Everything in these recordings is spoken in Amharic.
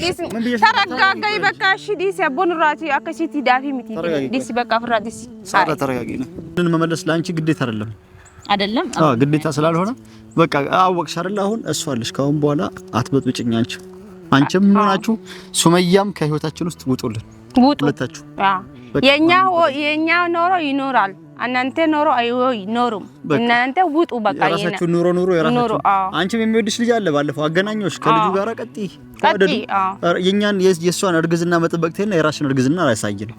ተረጋጋ በቃ እሺ ዲሲ አቦን አከሲቲ ዳፊ ሚቲ ዲሲ በቃ ፍራ ዲሲ ሳራ ተረጋጊ ነው መመለስ ለአንቺ ግዴታ አይደለም አይደለም አዎ ግዴታ ስላልሆነ በቃ አወቅሽ አይደል አሁን እሷ አለሽ ካሁን በኋላ አትበጥብጭኝ አንቺ አንቺም ሆናችሁ ሱመያም ከህይወታችን ውስጥ ውጡልን ውጡ ሁለታችሁ የኛ የኛ ኖሮ ይኖራል እናንተ ኖሮ አይኖሩም። እናንተ ውጡ በቃ የራሳችሁ ኑሮ ኑሮ የራሳችሁ። አንቺም የሚወድሽ ልጅ አለ። ባለፈው አገናኘሁሽ ከልጁ ጋር ቀጥ ቀጥ የኛን የእሷን እርግዝና መጠበቅ ተይና የራስሽን እርግዝና አላሳየን።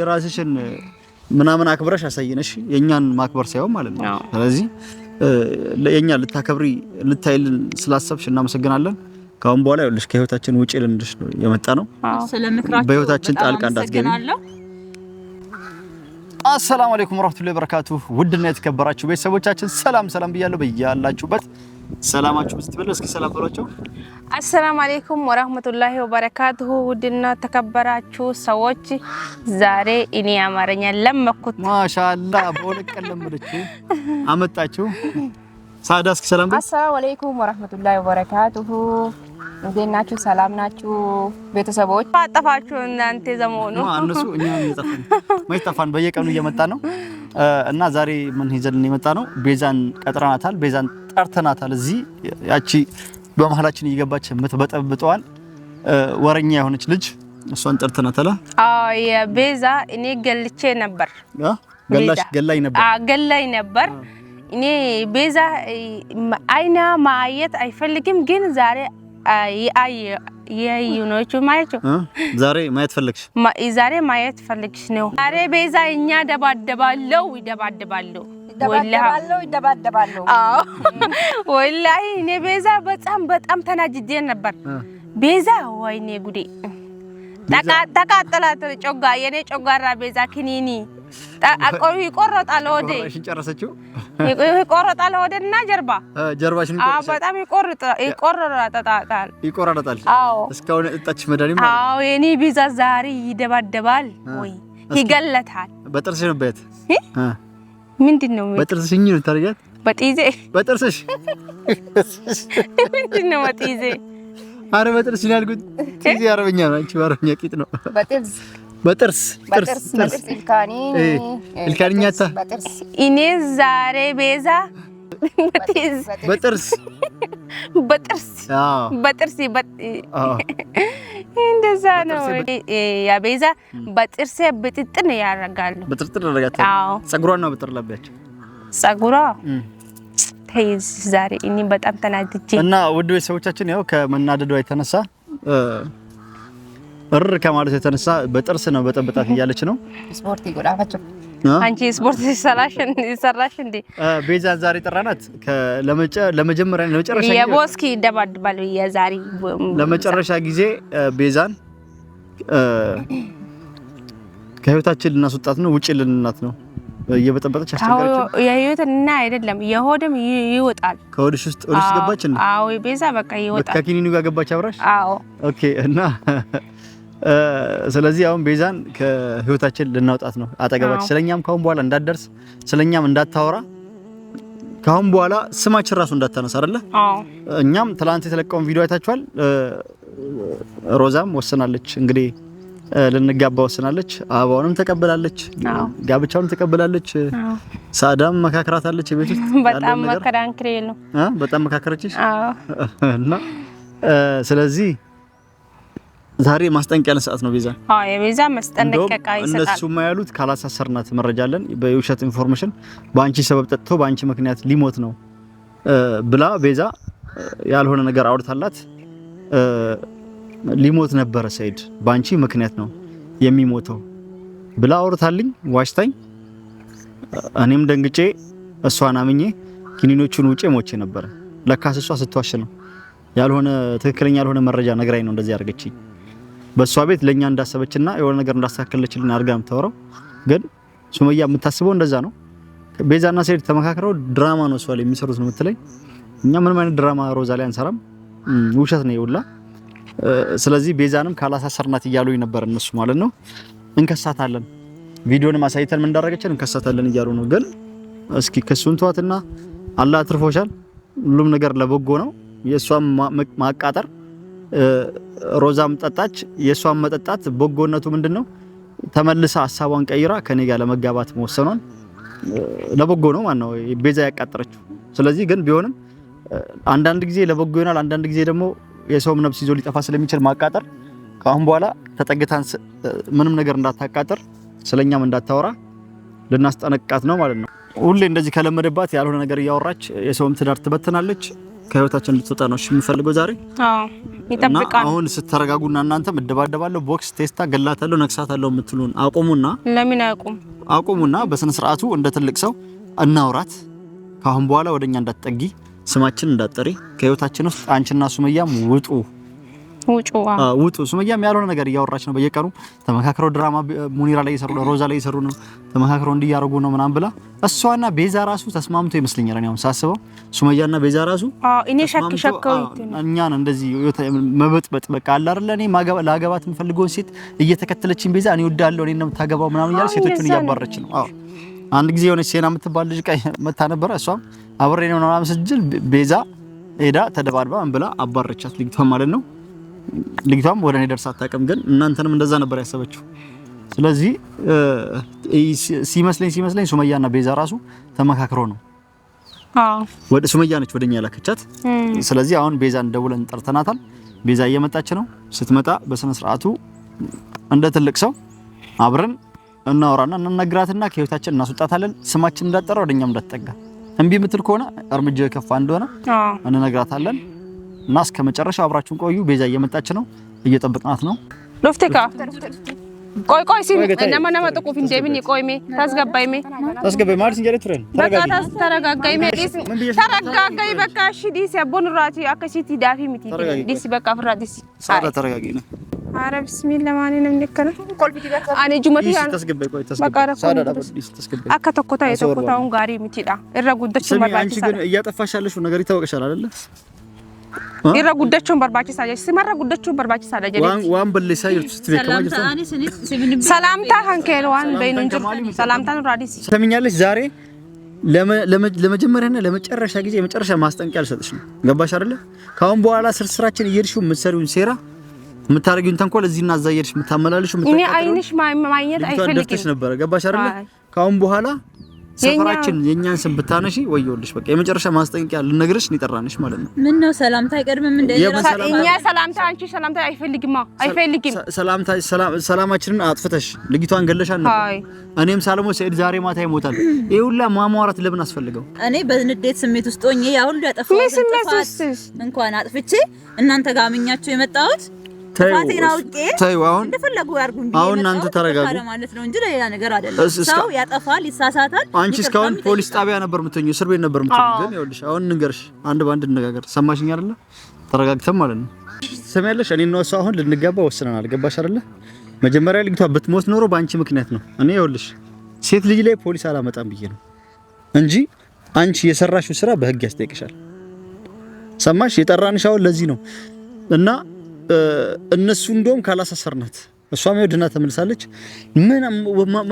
የራስሽን ምናምን አክብረሽ አሳየነሽ የኛን ማክበር ሳይሆን ማለት ነው። ስለዚህ የኛ ልታከብሪ ልታይልን ስላሰብሽ እናመሰግናለን። ከአሁን በኋላ ይኸውልሽ ከህይወታችን ውጪ ልንልሽ የመጣ ነው። በህይወታችን ጣልቃ እንዳትገቢ አሰላሙ አለይኩም ወራህመቱላሂ ወበረካቱ። ውድና የተከበራችሁ ቤተሰቦቻችን ሰላም ሰላም ብያለሁ። በያላችሁበት ሰላማችሁ ብስት ብለው እስኪ ሰላም በሏቸው። አሰላሙ አለይኩም ወራህመቱላሂ ወበረካቱ። ውድና ተከበራችሁ ሰዎች ዛሬ እኔ አማርኛ ለመኩት። ማሻአላህ በሁለት ቀን ለመደችው አመጣችሁ። ሳዳ እስኪ ሰላም አሰላሙ አለይኩም ወራህመቱላሂ ወበረካቱ እንዴት ናችሁ? ሰላም ናችሁ? ቤተሰቦች አጠፋችሁ እናንተ ዘመኑ እነሱ እኛ ጠፋን። በየቀኑ እየመጣ ነው እና ዛሬ ምን ይዘልን የመጣ ነው? ቤዛን ቀጥረናታል። ቤዛን ጠርተናታል። እዚህ ያቺ በመሀላችን እየገባች የምትበጠብጠዋን ወረኛ የሆነች ልጅ እሷን ጠርተናታል። አዎ የቤዛ እኔ ገልቼ ነበር፣ ገላሽ ገላይ ነበር፣ ገላይ ነበር። እኔ ቤዛ አይና ማየት አይፈልግም፣ ግን ዛሬ የዩኖቹ ማየችው ዛሬ ማየት ፈልግሽ ዛሬ ማየት ፈልግሽ ነው። ዛሬ ቤዛ እኛ ደባደባለው ይደባደባለው ይደባደባለው። ወላሂ እኔ ቤዛ በጣም በጣም ተናጅጄ ነበር። ቤዛ ወይኔ ጉዴ ተቃጠላ ጮጋ የኔ ጮጋራ ቤዛ ክኒኒ ይቆረጣል። ወደ ጨረሰችው። ይቆረጣል ወደና ጀርባ ጀርባሽን በጣም ይቆረጣል፣ ይቆረጣል። እስካሁን እጣች መድኃኒት። አዎ የኔ ቤዛ ዛሬ ይደባደባል ወይ ይገለታል። በጥርስሽ ነው ምንድን ነው? በጥርስሽ ነው ታደርጊያት። በጥርስሽ ምንድን ነው? በጤዜ አረ በጥርስ ነው ያልኩት። ቺዚ አረበኛ ነው። አንቺ አረበኛ ቂጥ ነው። በጥርስ በጥርስ ጥርስ ኢልካኒ ኢልካኒኛታ እኔ ዛሬ ቤዛ በጥርስ በጥርስ በጥርስ እንደዛ ነው ያ ቤዛ በጥርሴ ብጥጥን ያደርጋሉ። በጥርጥር ያደርጋታል። ፀጉሯን ነው ብጥር ለብያቸው ፀጉሯ ተይዝ ዛሬ እኔ በጣም ተናድጄ እና ውድ ቤተሰቦቻችን ያው ከመናደዷ የተነሳ እር ከማለት የተነሳ በጥርስ ነው በጠብጣት እያለች ነው። ስፖርት ይጎዳፋቸው አንቺ ስፖርት ሰራሽ እንዴ? ቤዛን ዛሬ ጠራናት። ለመጀመሪያ ለመጨረሻ ጊዜ የቦስኪ ይደባድባል የዛሬ ለመጨረሻ ጊዜ ቤዛን ከህይወታችን ልናስወጣት ነው፣ ውጪ ልንናት ነው እየበጠበጠች አስቸጋሪች። የህይወት እና አይደለም የሆድም ይወጣል ከሆድሽ ውስጥ ወደ ውስጥ ገባች። አዎ ቤዛ በቃ ይወጣል። ከኪኒኑ ጋር ገባች አብራሽ። አዎ ኦኬ። እና ስለዚህ አሁን ቤዛን ከህይወታችን ልናውጣት ነው። አጠገባች ስለኛም ካሁን በኋላ እንዳትደርስ፣ ስለኛም እንዳታወራ ካሁን በኋላ ስማችን ራሱ እንዳታነሳ አይደለ? እኛም ትላንት የተለቀውን ቪዲዮ አይታችኋል። ሮዛም ወስናለች እንግዲህ ልንጋባ ወስናለች። አበባውንም ተቀብላለች፣ ጋብቻውንም ተቀብላለች። ሳዳም መካከራታለች። ቤት ውስጥ በጣም መከራንክሬ ነው። በጣም መካከረችሽ እና ስለዚህ ዛሬ ማስጠንቀቂያ ሰዓት ነው። ቤዛ አዎ፣ የቤዛ ማስጠንቀቂያ ይሰጣል። እነሱ ማያሉት ካላሳሰርናት መረጃለን በውሸት ኢንፎርሜሽን በአንቺ ሰበብ ጠጥቶ በአንቺ ምክንያት ሊሞት ነው ብላ ቤዛ ያልሆነ ነገር አውርታላት ሊሞት ነበረ ሰይድ በአንቺ ምክንያት ነው የሚሞተው ብላ አውርታልኝ ዋሽታኝ፣ እኔም ደንግጬ እሷን አምኜ ኪኒኖቹን ውጪ ሞቼ ነበረ። ለካስ እሷ ስትዋሽ ነው ያልሆነ ትክክለኛ ያልሆነ መረጃ ነግራኝ ነው እንደዚህ አድርገችኝ። በእሷ ቤት ለኛ እንዳሰበችና የሆነ ነገር እንዳስተካከለችልን አድርጋ ነው የምታወራው። ግን ሱመያ የምታስበው እንደዛ ነው። ቤዛና ሰይድ ተመካክረው ድራማ ነው እሷ ላይ የሚሰሩት ነው የምትለኝ። እኛ ምንም አይነት ድራማ ሮዛ ላይ አንሰራም። ውሸት ነው ይውላ ስለዚህ ቤዛንም ካላሳሰርናት እያሉ ነበር እነሱ ማለት ነው። እንከሳታለን፣ ቪዲዮንም አሳይተን ምን እንዳደረገችን እንከሳታለን እያሉ ነው። ግን እስኪ ክሱን ተዋትና አላህ አትርፎሻል። ሁሉም ነገር ለበጎ ነው። የእሷም ማቃጠር ሮዛም ጠጣች። የእሷን መጠጣት በጎነቱ ምንድን ነው? ተመልሳ ሀሳቧን ቀይራ ከኔ ጋር ለመጋባት መወሰኗን ለበጎ ነው ማለት ነው ቤዛ ያቃጠረችው። ስለዚህ ግን ቢሆንም አንዳንድ ጊዜ ለበጎ ይሆናል፣ አንዳንድ ጊዜ ደግሞ የሰውም ነፍስ ይዞ ሊጠፋ ስለሚችል ማቃጠር ከአሁን በኋላ ተጠግታን ምንም ነገር እንዳታቃጥር ስለኛም እንዳታወራ ልናስጠነቅቃት ነው ማለት ነው። ሁሌ እንደዚህ ከለመደባት ያልሆነ ነገር እያወራች የሰውም ትዳር ትበትናለች። ከህይወታችን እንድትወጣ ነው የምፈልገው ዛሬ። እና አሁን ስትረጋጉና እናንተም እደባደባለሁ፣ ቦክስ ቴስታ፣ ገላታለሁ፣ ነክሳታለሁ የምትሉን አቁሙና ለምን አቁም አቁሙና በስነ ስርዓቱ እንደ ትልቅ ሰው እናውራት። ከአሁን በኋላ ወደኛ እንዳትጠጊ ስማችን እንዳጠሪ ከህይወታችን ውስጥ አንቺና ሱመያም ውጡ ውጡ ሱመያም ያልሆነ ነገር እያወራች ነው በየቀኑ ተመካክረው ድራማ ሙኒራ ላይ እየሰሩ ነው፣ ሮዛ ላይ እየሰሩ ነው፣ ተመካክረው እንዲያረጉ ነው ምናምን ብላ እሷና ቤዛ ራሱ ተስማምቶ ይመስለኛል። እኔ አሁን ሳስበው ሱመያና ቤዛ ራሱ እኔ ሸክ ሸከው እኛን እንደዚህ መበጥበጥ በቃ አለ አይደል? እኔ ላገባት የምፈልገውን ሴት እየተከተለችኝ ቤዛ እኔ እወዳለሁ እኔ ነው የምታገባው ምናምን እያለች ሴቶቹን እያባረች ነው። አዎ አንድ ጊዜ የሆነች ሴና የምትባል ልጅ ቀይ መታ ነበረ። እሷም አብሬ ነው ምናምን ስትል ቤዛ ሄዳ ተደባድባ እንብላ አባረቻት፣ ልግቷ ማለት ነው። ልጅቷም ወደ እኔ ደርሳ አታውቅም፣ ግን እናንተንም እንደዛ ነበር ያሰበችው። ስለዚህ ሲመስለኝ ሲመስለኝ ሱመያና ቤዛ ራሱ ተመካክሮ ነው ወደ ሱመያ ነች ወደኛ ያላከቻት። ስለዚህ አሁን ቤዛን ደውለን ጠርተናታል። ቤዛ እየመጣች ነው። ስትመጣ በስነ ስርዓቱ እንደ ትልቅ ሰው አብረን እናወራና እንነግራትና ከህይወታችን እናስወጣታለን። ስማችን እንዳጠራ ወደኛም እንዳትጠጋ እምቢ ምትል ከሆነ እርምጃ የከፋ እንደሆነ እንነግራታለን። እና እስከ መጨረሻ አብራችሁን ቆዩ። ቤዛ እየመጣች ነው፣ እየጠበቅናት ነው ሎፍቴካ ቆይ ቆይ ሲል እነማ ነማ ጥቁፍ እንደምን ይቆይሜ ታስገባይሜ ታስገባይ ማለት እንጀለ ትረን በቃ ታስ ዲስ ተረጋጋይ በቃ እሺ ዲስ ያቦን ራቲ አከሲቲ ዳፊ ሚቲ ዲስ በቃ ፍራ ዲስ ሳራ ተረጋጋይ ነው አረ ቢስሚላ ማን ነው እንደከለ ቆልቢቲ በቃ አኔ ጁመቲ ያን ታስገባይ ቆይ ታስገባይ ሳራ ዳፍ ዲስ ታስገባይ አካ ተኮታ የተኮታውን ጋሪ ሚቲዳ እረጉደች መራች ሳራ አንቺ ግን እያጠፋሻለሽ ነገር ይታወቀሻል አይደለ irra guddachuun barbaachisaa jechuu simarra guddachuun barbaachisaadha jedheetti. Waan balleessaa jirtu sitti beekamaa jirtu. Salaamtaa kan kee waan beeynu hin jiru. Salaamtaan irraa dhiisi. Samiyaallis ዛሬ ለመጀመሪያና ለመጨረሻ ጊዜ የመጨረሻ ማስጠንቀቂያ ልሰጥሽ ነው። ገባሽ አይደለ? ካሁን በኋላ ስርስራችን እየሄድሽው የምትሰሪውን ሴራ የምታደርጊውን ተንኮል እዚህና እዛ እየሄድሽ የምታመላልሽው እኔ አይንሽ ማየት አይፈልግም ነበረ። ገባሽ አይደለ? ካሁን በኋላ ሰፈራችን የኛን ስም ብታነሺ ወየውልሽ። በቃ የመጨረሻ ማስጠንቀቂያ ልነግርሽ ሊጠራንሽ ማለት ነው። ምን ነው ሰላምታ አይቀድምም? እኛ ሰላምታ አንቺ ሰላምታ አይፈልግማ አይፈልግም። ሰላምታ ሰላማችንን አጥፍተሽ ልጅቷን ገለሻን ነው። እኔም ሳለሞ ሰይድ ዛሬ ማታ ይሞታል። ይሄ ሁላ ማሟራት ለምን አስፈልገው? እኔ በንዴት ስሜት ውስጥ ሆኜ ያ ሁሉ ያጠፋሁት እንኳን አጥፍቼ እናንተ ጋር አምኛችሁ የመጣሁት ጥፋቴን አውቄ እንደፈለጉ ያርጉ እንዴ አሁን እናንተ ተረጋጉ ማለት ነው እንጂ ሌላ ነገር አይደለም። ሰው ያጠፋል፣ ይሳሳታል። አንቺ እስካሁን ፖሊስ ጣቢያ ነበር የምትሆኚው፣ እስር ቤት ነበር የምትሆኚው። ግን ይኸውልሽ አሁን ንገርሽ፣ አንድ በአንድ እንነጋገር። ሰማሽኝ አይደለ? ተረጋግተን ማለት ነው። ትሰሚያለሽ? እኔ እና እሷ አሁን ልንጋባ ወስነናል። ገባሽ አይደለ? መጀመሪያ ልጅቷ ብትሞት ኖሮ በአንቺ ምክንያት ነው። እኔ ይኸውልሽ ሴት ልጅ ላይ ፖሊስ አላመጣም ብዬ ነው እንጂ አንቺ የሰራሽው ስራ በህግ ያስጠይቅሻል። ሰማሽ? የጠራንሽ አሁን ለዚህ ነው እና እነሱ እንደውም ካላሳሰርናት እሷ ይኸው ተመልሳለች። ምን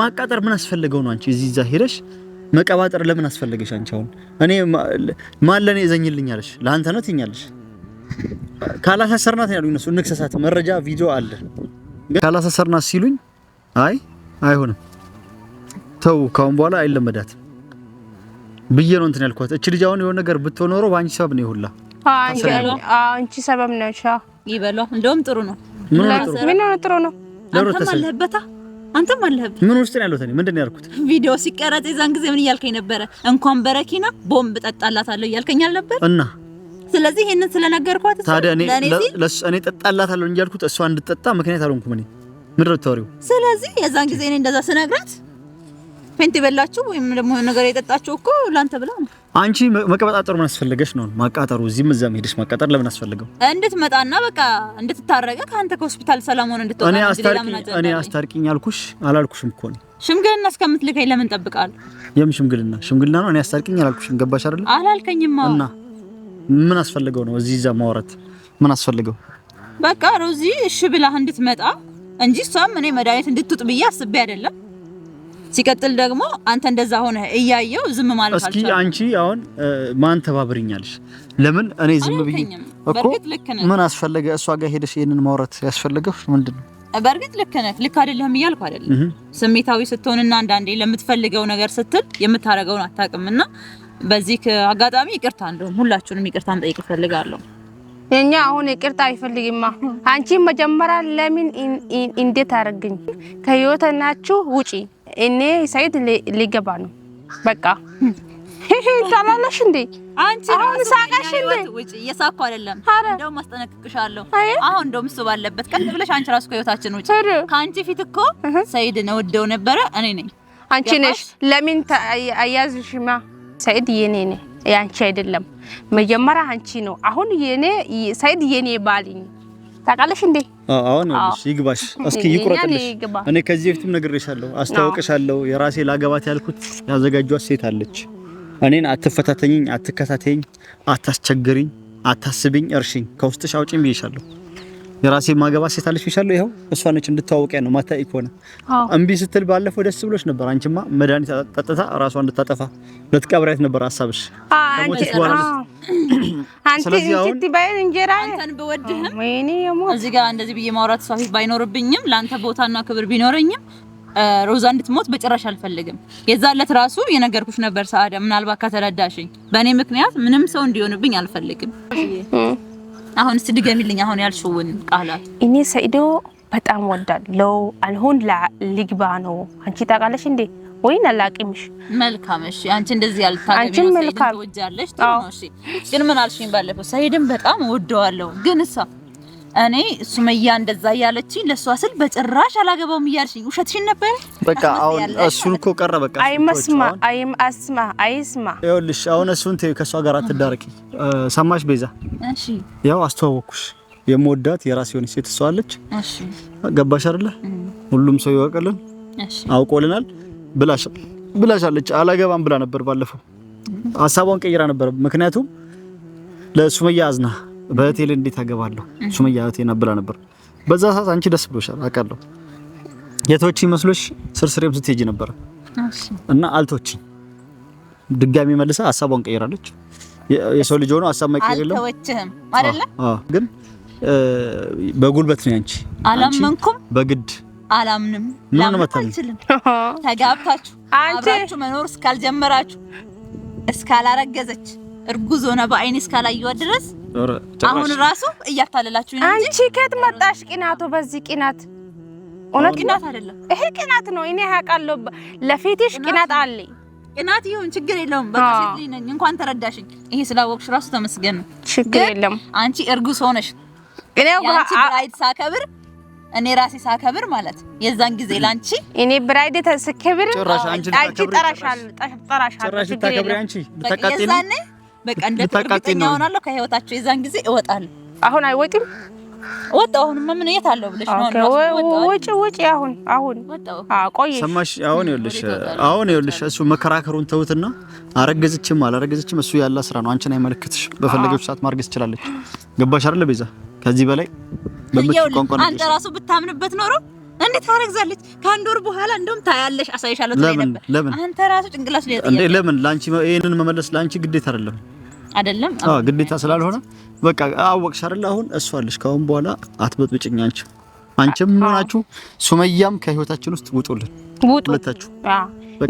ማቃጠር ምን አስፈልገው ነው? አንቺ እዚህ እዛ ሄደሽ መቀባጠር ለምን አስፈልገሽ? አንቺ አሁን እኔ ማን ለኔ እዘኝልኝ አለሽ? ለአንተ ነው ትኛለሽ። ካላሳሰርናት ያሉኝ እነሱ እንክሰሳት፣ መረጃ ቪዲዮ አለ። ካላሳሰርናት ሲሉኝ አይ አይሆንም፣ ተው ካሁን በኋላ አይለመዳትም ብዬ ነው እንትን ያልኳት። እች ልጅ አሁን የሆነ ነገር ብትኖረው በአንቺ ሰበብ ነው ይሁላ አንቺ ሰበብ ነሽ። ይበሏ። እንደውም ጥሩ ነው። ምን ነው ጥሩ ነው። አንተም አለህበታ አንተም አለህበት። ምን ውስጥ ነው ያለሁት እኔ? ምንድን ነው ያልኩት? ቪዲዮ ሲቀረጽ የዛን ጊዜ ምን እያልከኝ ነበረ? እንኳን በረኪና ቦምብ ጠጣላታለሁ እያልከኝ አልነበረ እና ስለዚህ ይሄንን ስለነገርኳት ታዲያ እኔ እኔ ጠጣላታለሁ እንጂ ያልኩት እሷ እንድጠጣ ምክንያት አልሆንኩም። እኔ ምድር ተወሪው። ስለዚህ የዛን ጊዜ እኔ እንደዛ ስነግራት ፔንት የበላችሁ ወይም ደግሞ ነገር የጠጣችሁ እኮ ላንተ ብላ ነው አንቺ መቀበጣጠር ምን አስፈልገሽ ነው? ማቃጠሩ እዚህም እዛም ሄደሽ ማቃጠር ለምን አስፈለገው? እንድትመጣና በቃ እንድትታረቀ ከአንተ ከሆስፒታል ሰላም ሆነ እንድትወጣ እኔ አስታርቂኝ እኔ አስታርቂኝ አልኩሽ አላልኩሽም እኮ ነው። ሽምግልና እስከምትልከኝ ለምን ጠብቃለሁ? የምን ሽምግልና? ሽምግልና ነው። እኔ አስታርቂኝ አላልኩሽም። ገባሽ አይደል? አላልከኝም። እና ምን አስፈልገው ነው እዚህ እዚያ ማውራት? ምን አስፈልገው? በቃ ሮዚ እሺ ብላህ እንድትመጣ እንጂ እሷም እኔ መድኃኒት እንድትውጥ ብዬ አስቤ አይደለም ሲቀጥል ደግሞ አንተ እንደዛ ሆነ እያየው ዝም ማለት እስኪ አንቺ አሁን ማን ተባብርኛለሽ? ለምን እኔ ዝም ብዬ እኮ ምን አስፈለገ? እሷ ጋር ሄደሽ ይሄንን ማውራት ያስፈለገው ምንድነው? በእርግጥ ልክ ነህ፣ ልክ አይደለህም እያልኩ አይደለም። ስሜታዊ ስትሆንና አንዳንዴ ለምትፈልገው ነገር ስትል የምታደርገውን አታውቅምና በዚህ አጋጣሚ ይቅርታ እንደውም ሁላችሁንም ይቅርታ መጠየቅ እፈልጋለሁ። የኛ አሁን ይቅርታ አይፈልግማ። አንቺ መጀመሪያ ለምን እንዴት አደረግኝ ከህይወታችሁ ውጪ እኔ ሰኢድ ሊገባ ነው። በቃ ታላለሽ እንዴ አንቺ አሁን ሳቃሽ እንዴ? ውጪ እየሳኩ አይደለም። እንደውም አስጠነቅቅሻለሁ። አሁን እንደውም እሱ ባለበት ቀን ብለሽ አንቺ ራስ ከህይወታችን ውጪ። ከአንቺ ፊት እኮ ነው ወደው ነበረ እኔ ነኝ። አንቺ ነሽ። ለምን አያዝሽማ? ሰኢድ የኔ ነኝ ያንቺ አይደለም። መጀመሪያ አንቺ ነው። አሁን የኔ ሰኢድ የኔ ባልኝ ታውቃለሽ እንዴ? አሁን ይግባሽ፣ እስኪ ይቁረጥልሽ። እኔ ከዚህ በፊትም ነግሬሻለሁ፣ አስታውቅሻለሁ። የራሴ ላገባት ያልኩት ያዘጋጇት ሴት አለች። እኔን አትፈታተኝኝ፣ አትከታተይኝ፣ አታስቸግርኝ፣ አታስብኝ፣ እርሽኝ፣ ከውስጥሽ አውጪኝ ብዬሻለሁ። የራሴ ማገባ ሴት አለች ብቻለሁ። ይኸው እሷ ነች እንድታወቂያ ነው ማታ ከሆነ እምቢ ስትል ባለፈው ደስ ብሎች ነበር። አንቺማ መድኃኒት ጠጥታ ራሷ እንድታጠፋ ልትቀብሪያት ነበር ሀሳብሽ። እዚህ ጋር እንደዚህ ብዬ ማውራት ሷፊ ባይኖርብኝም ለአንተ ቦታና ክብር ቢኖረኝም ሮዛ እንድትሞት በጭራሽ አልፈልግም። የዛን ዕለት ራሱ የነገርኩሽ ነበር ሰዓዳ፣ ምናልባት ከተረዳሽኝ በእኔ ምክንያት ምንም ሰው እንዲሆንብኝ አልፈልግም። አሁን እስቲ ድገሚልኝ አሁን ያልሽውን ቃላት። እኔ ሰኢዶ በጣም ወዳለው አልሆን ሊግባ ነው። አንቺ ታውቃለሽ እንዴ ወይን አላቅምሽ። መልካም እሺ። አንቺ እንደዚህ ያልታገቢ ነው ሰኢድን ትወጃለሽ። ግን ምን አልሽኝ ባለፈው? ሰኢድን በጣም ወደዋለሁ ግን እሷ እኔ ሱመያ እንደዛ እያለችኝ ለእሷ ስል በጭራሽ አላገባውም እያልሽኝ ውሸትሽን ነበር። በቃ አሁን እሱን እኮ ቀረ። በቃ አይመስማ አይም አስማ አይስማ። ይኸውልሽ አሁን እሱን ተይው፣ ከእሷ ጋር አትዳርቂ። ሰማሽ ቤዛ? እሺ ያው አስተዋወቅኩሽ። የምወዳት የራስ የሆነች ሴት እሷ አለች። እሺ ገባሽ አይደለ? ሁሉም ሰው ይወቅልን አውቆልናል ብላሽ ብላሻለች። አላገባም ብላ ነበር ባለፈው። ሀሳቧን ቀይራ ነበር። ምክንያቱም ለሱመያ አዝና በእህቴ እንዴት አገባለሁ ሱመያ እህቴና ብላ ነበር። በዛ ሰዓት አንቺ ደስ ብሎሻል አውቃለሁ። የተወች መስሎሽ ስርስሬም ስትሄጂ ነበር እና አልቶች ድጋሚ መልሳ ሀሳቧን ቀይራለች። የሰው ልጅ ሆኖ ሀሳብ ማይቀየር የለም። አልተወችህም አይደለ? አዎ። ግን በጉልበት ነው ያንቺ። አላመንኩም። በግድ አላምንም። ላምን አልችልም። ተጋብታችሁ አብራችሁ መኖር እስካልጀመራችሁ እስካላረገዘች እርጉዝ ሆነ በአይኔ እስካላየኋት ድረስ አሁን ራሱ እያታለላችሁ። አንቺ ከየት መጣሽ? ቅናቱ በዚህ ቅናት እውነት ቅናት አይደለም፣ ይሄ ቅናት ነው። እኔ ያውቃለሁ፣ ለፊትሽ ቅናት አለኝ። ቅናት ይሁን ችግር የለውም። በቃ ሴት እንኳን ተረዳሽኝ። ይሄ ስላወቅሽ ራሱ ተመስገን ነው። ችግር የለም። አንቺ እርጉዝ ሆነሽ እኔ ብራይድ ሳከብር እኔ ራሴ ሳከብር ማለት የዛን ጊዜ ላንቺ እኔ ብራይድ ተስከብር አንቺ ጠራሻል ጠራሻል ችግር የለም። በቃ እንደ ሆናለሁ ከህይወታቸው የዛን ጊዜ እወጣለሁ። አሁን አይወጪም? ምን የት አለው ብለሽ ነው? አሁን አሁን ቆይ ሰማሽ። አሁን ይኸውልሽ፣ አሁን ይኸውልሽ፣ እሱ መከራከሩን ተውትና፣ አረገዝችም አላረገዝችም እሱ ያለ ስራ ነው። አንቺን አይመለከትሽ። በፈለገች ሰዓት ማርገዝ ትችላለች። ገባሽ ቤዛ? ከዚህ በላይ በምትቆንቆን አንተ ራሱ ብታምንበት ኖሮ እንዴት ታረግዛለች? ከአንድ ወር በኋላ እንደውም ታያለሽ፣ አሳይሻለሁ ትለኝ ለምን አንተ ራስህ ጭንቅላት ላይ እንዴ? ለምን ላንቺ ይሄንን መመለስ ላንቺ ግዴታ አይደለም አይደለም? አዎ ግዴታ ስላልሆነ በቃ አወቅሽ አይደል? አሁን እሷ አለሽ፣ ካሁን በኋላ አትበጥብጭኝ። አንቺ አንቺም ሆናችሁ ሱመያም ከህይወታችን ውስጥ ውጡልን፣ ውጡ ሁለታችሁ።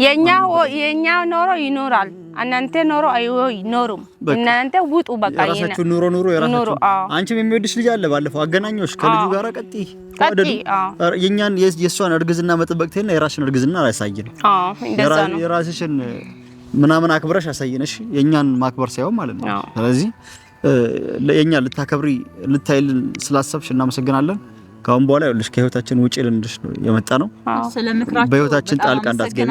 የኛ ኖሮ ይኖራል፣ እናንተ ኖሮ አይኖሩም። እናንተ ውጡ በቃ የራሳችሁ ኑሮ ኑሮ የራሳችሁ። አንቺም የሚወድሽ ልጅ አለ። ባለፈው አገናኘሁሽ ከልጁ ጋር ቀጥ ቀጥ የእኛን የእሷን እርግዝና መጠበቅ ትልና የራስሽን እርግዝና አላሳየን። የራስሽን ምናምን አክብረሽ አሳየንሽ፣ የእኛን ማክበር ሳይሆን ማለት ነው። ስለዚህ የእኛን ልታከብሪ ልታይልን ስላሰብሽ እናመሰግናለን። ከአሁን በኋላ ልሽ ከህይወታችን ውጪ ልንልሽ ነው የመጣ ነው። በህይወታችን ጣልቃ እንዳትገቢ።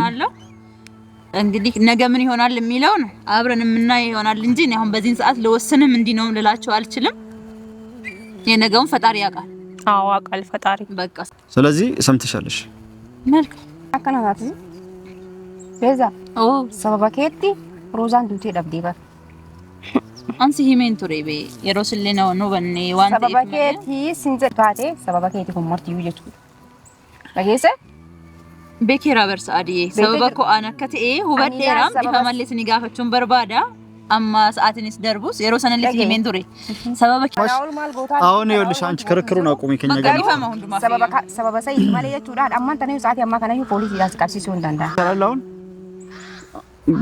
እንግዲህ ነገ ምን ይሆናል የሚለውን አብረን የምናይ ይሆናል እንጂ አሁን በዚህን ሰዓት ልወስንም እንዲህ ነው ልላቸው አልችልም። የነገውን ፈጣሪ ያውቃል። አዎ ያውቃል ፈጣሪ። በቃ ስለዚህ ሰምተሻለሽ። መልካም አከናታት ቤዛ ኦ ሰበባ ከየት ሮዛን ዱቴ ደብዴ በር Anzi himen turebe yeroo sillee na nu banne waan ta'eef sababa keetii sin jedhaate sababa keetii kun mortii yoo jechuudha. Dhageesse? Beekee rabarsa adii sababa ko'aan akka ta'e hubadheera bifa mallis ni gaafachuun barbaada. Amma ሰዓትንስ ደርቡስ የሮ ሰነን ልት ሄሜን ዱሬ ሰበበ አሁን ይኸውልሽ አንቺ ክርክሩን አቁሚ ከኛ ጋር ሰበበ ሰበበ ሰይ ማለት የቱዳድ አማን ተነዩ ሰዓት ያማከናዩ ፖሊስ ያስቀብሲሱ Sala laun?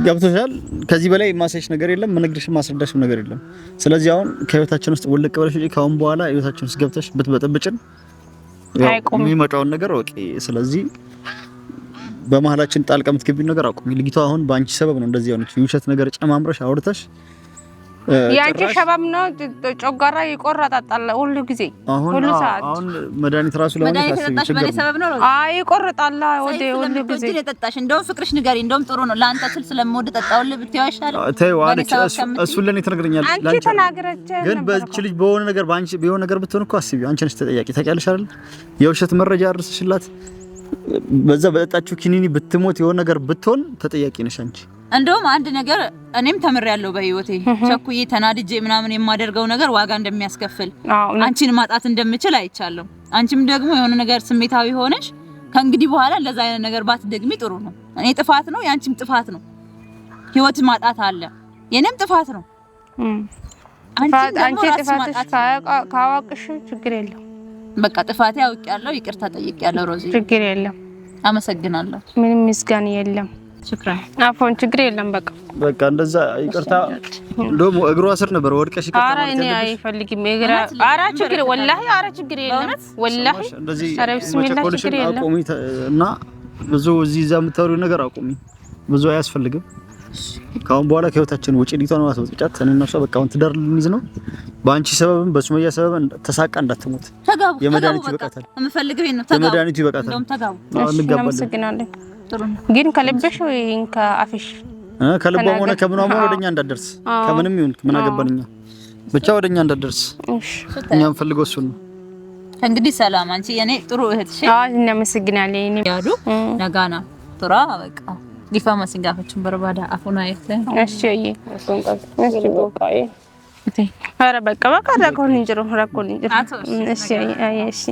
ገብቶሻል። ከዚህ በላይ የማሳይሽ ነገር የለም፣ ምንግርሽ ማስረዳሽም ነገር የለም። ስለዚህ አሁን ከህይወታችን ውስጥ ውልቅ ብለሽ እንጂ ካሁን በኋላ ህይወታችን ውስጥ ገብተሽ ብትበጠብጭን የሚመጣውን ነገር ወቂ። ስለዚህ በመሀላችን ጣልቃ የምትገቢው ነገር አቁሚ። ልጅቷ አሁን በአንቺ ሰበብ ነው እንደዚህ የሆነች። የውሸት ነገር ጨማምረሽ አውርተሽ ያንቺ ሸባብ ነው፣ ጮጋራ ይቆረጣጣል ሁሉ ጊዜ ሁሉ ሰዓት። አሁን መድኃኒት ራሱ ለመድኃኒት የጠጣሽ በእኔ ሰበብ ነው። አይ ይቆረጣል ወደ ሁሉ ጊዜ የጠጣሽ። እንደውም ፍቅርሽ ንገሪ፣ እንደውም ጥሩ ነው ለአንተ ስል ስለምወድ ጠጣ ሁሉ ብትይው አይሻልም? ተይው አለች። እሱን ለእኔ ትነግረኛለች። አንቺ ተናግረች ግን በች ልጅ በሆነ ነገር በአንቺ በሆነ ነገር ብትሆን እኮ አስቢው፣ አንቺ ነሽ ተጠያቂ። ታውቂያለሽ አይደል? የውሸት መረጃ አድርስሽላት፣ በዛ በጠጣችሁ ኪኒኒ ብትሞት የሆነ ነገር ብትሆን ተጠያቂ ነሽ አንቺ እንደውም አንድ ነገር እኔም ተምሬያለሁ በህይወቴ ቸኩዬ ተናድጄ ምናምን የማደርገው ነገር ዋጋ እንደሚያስከፍል አንቺን ማጣት እንደምችል አይቻለሁ። አንቺም ደግሞ የሆነ ነገር ስሜታዊ ሆነሽ ከእንግዲህ በኋላ እንደዛ አይነት ነገር ባትደግሚ ጥሩ ነው። እኔ ጥፋት ነው የአንቺም ጥፋት ነው። ህይወት ማጣት አለ፣ የኔም ጥፋት ነው። አንቺ ጥፋትሽ ካወቅሽ ችግር የለም። በቃ ጥፋቴ አውቄያለሁ፣ ይቅርታ ጠይቄያለሁ። ሮዚ ችግር የለም። አመሰግናለሁ። ምንም ምስጋና የለም። አፎን ችግር የለም። በቃ በቃ እንደዛ ይቅርታ። ደሞ እግሯ ስር ነበር ወድቀሽ ይቅርታ። ኧረ እኔ አይፈልግም። እግራ ኧረ ችግር ወላሂ፣ ኧረ ችግር የለም ወላሂ። እንደዚህ መቸኮልሽን አቁሚ እና ብዙ እዚህ እዛ የምታወሪው ነገር አቁሚ። ብዙ አያስፈልግም። ከአሁን በኋላ ከህይወታችን ውጪ ሊቷ ነው አትወጥጫት። እኔ ነፍሷ በቃ አሁን ትዳር ልንይዝ ነው። በአንቺ ሰበብም በሱመያ ሰበብም ተሳቃ እንዳትሞት። የመድኃኒቱ ይበቃታል። የምፈልገው ነው። የመድኃኒቱ ይበቃታል። እንጋባለን። ግን ከልብሽ ወይ ከአፍሽ ከልቧም ሆነ ከምኗም ሆነ ወደኛ እንዳደርስ ከምንም ይሁን ምን አገባን ብቻ ወደኛ እንዳደርስ እኛ የምንፈልገው እሱን ነው። እንግዲህ ሰላም አንቺ የኔ ጥሩ እህትሽ አዎ እናመሰግናለን። የኔ ያዱ ነጋና ጥራ በቃ ዲፋ ማስንጋፈችን በርባዳ አፉና አይተ እሺ እይ እሱን እሺ በቃ አይ አረ በቃ በቃ ረኮን እንጀሮ ረኮን እንጀሮ እሺ አይ እሺ